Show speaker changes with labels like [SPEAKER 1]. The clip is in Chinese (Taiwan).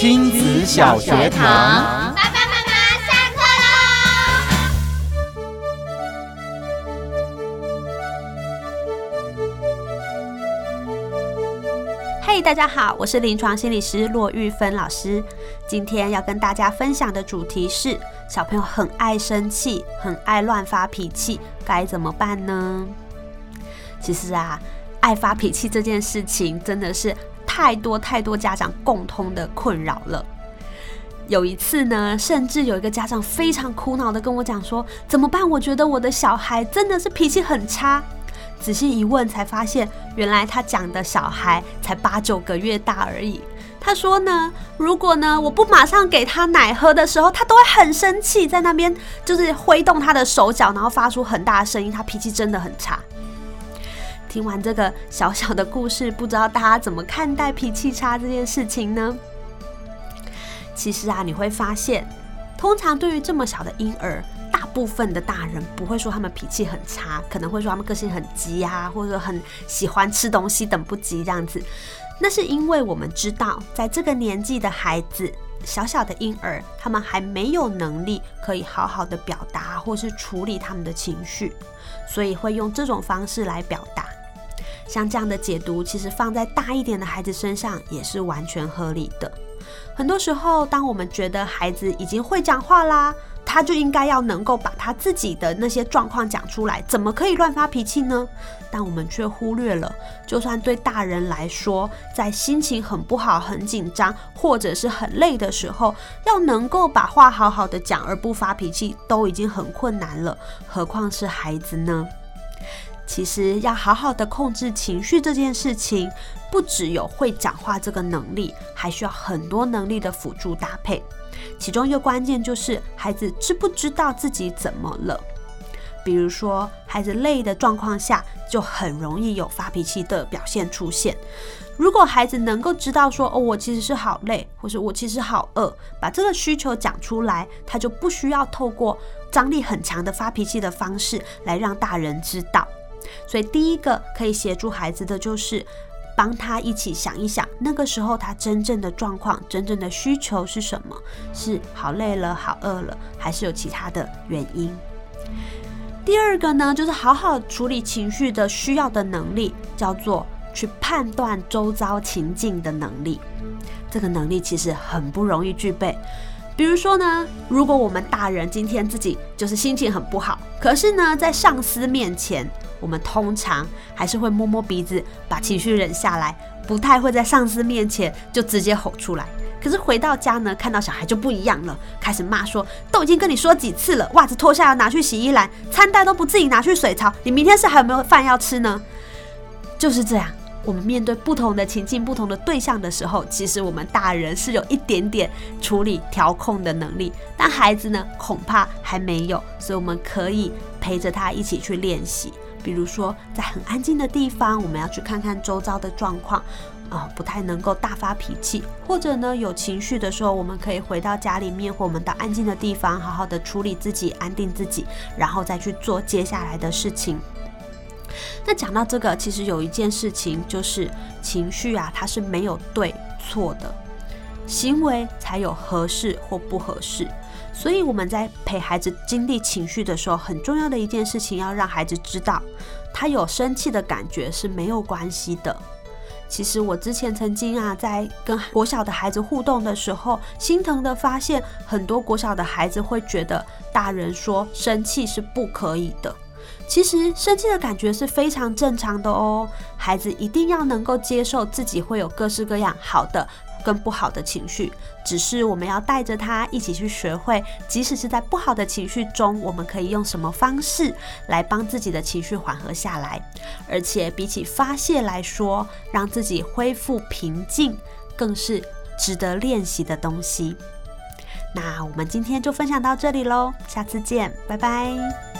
[SPEAKER 1] 親子小學堂，爸爸媽媽下課嘍！嘿，hey, 大家好，我是臨床心理師駱郁芬老師。今天要跟大家分享的主題是：小朋友很愛生氣，很愛亂發脾氣，該怎麼辦呢？其實啊，愛發脾氣這件事情真的是……太多太多家長共同的困擾了。有一次呢，甚至有一個家長非常苦惱的跟我講說：“怎麼辦？我覺得我的小孩真的是脾氣很差。”仔細一問才發現，原來他講的小孩才八九個月大而已。他說呢：“如果呢我不馬上給他奶喝的時候，他都會很生氣，在那邊就是揮動他的手腳，然後發出很大的聲音。他脾氣真的很差。”聽完這個小小的故事，不知道大家怎麼看待脾氣差這件事情呢？其實啊，你會發現，通常對於這麼小的嬰兒，大部分的大人不會說他們脾氣很差，可能會說他們個性很急啊，或者很喜歡吃東西等不及這樣子。那是因為我們知道，在這個年紀的孩子，小小的嬰兒，他們還沒有能力可以好好的表達或是處理他們的情緒，所以會用這種方式來表達。像這樣的解讀，其實放在大一點的孩子身上也是完全合理的。很多時候，當我們覺得孩子已經會講話啦，他就應該要能夠把他自己的那些狀況講出來，怎麼可以亂發脾氣呢？但我們卻忽略了，就算對大人來說，在心情很不好、很緊張或者是很累的時候，要能夠把話好好的講而不發脾氣，都已經很困難了，何況是孩子呢？其實要好好的控制情緒這件事情，不只有會講話這個能力，還需要很多能力的輔助搭配。其中一個關鍵就是孩子知不知道自己怎麼了？比如說孩子累的狀況下，就很容易有發脾氣的表現出現。如果孩子能夠知道說，哦，我其實是好累，或是我其實好餓，把這個需求講出來，他就不需要透過張力很強的發脾氣的方式來讓大人知道。所以，第一個可以協助孩子的就是，幫他一起想一想，那個時候他真正的狀況、真正的需求是什麼？是好累了、好餓了，還是有其他的原因？第二個呢，就是好好處理情緒的需要的能力，叫做去判斷周遭情境的能力。這個能力其實很不容易具備。比如說呢，如果我們大人今天自己就是心情很不好，可是呢，在上司面前，我們通常還是會摸摸鼻子，把情緒忍下來，不太會在上司面前就直接吼出來。可是回到家呢，看到小孩就不一樣了，開始罵說：“都已經跟你說幾次了，襪子脫下來拿去洗衣籃，餐袋都不自己拿去水槽，你明天是還有沒有飯要吃呢？”就是這樣。我們面對不同的情境、不同的對象的時候，其實我們大人是有一點點處理、調控的能力，但孩子呢，恐怕還沒有。所以我們可以陪着他一起去練習，比如說在很安靜的地方，我們要去看看周遭的狀況，啊、呃，不太能夠大發脾氣，或者呢有情緒的時候，我們可以回到家裡面，或我們到安靜的地方，好好的處理自己、安定自己，然後再去做接下來的事情。那講到這個，其實有一件事情就是情緒啊，它是沒有對錯的，行為才有合適或不合適。所以我們在陪孩子經歷情緒的時候，很重要的一件事情，要讓孩子知道，他有生氣的感覺是沒有關係的。其實我之前曾經啊，在跟國小的孩子互動的時候，心疼的發現，很多國小的孩子會覺得，大人說生氣是不可以的。其實生氣的感覺是非常正常的哦，孩子一定要能夠接受自己會有各式各樣好的跟不好的情緒，只是我們要帶着他一起去學會，即使是在不好的情緒中，我們可以用什麼方式來幫自己的情緒緩和下來，而且比起發洩來說，讓自己恢復平靜更是值得練習的東西。那我們今天就分享到這裡嘍，下次見，拜拜。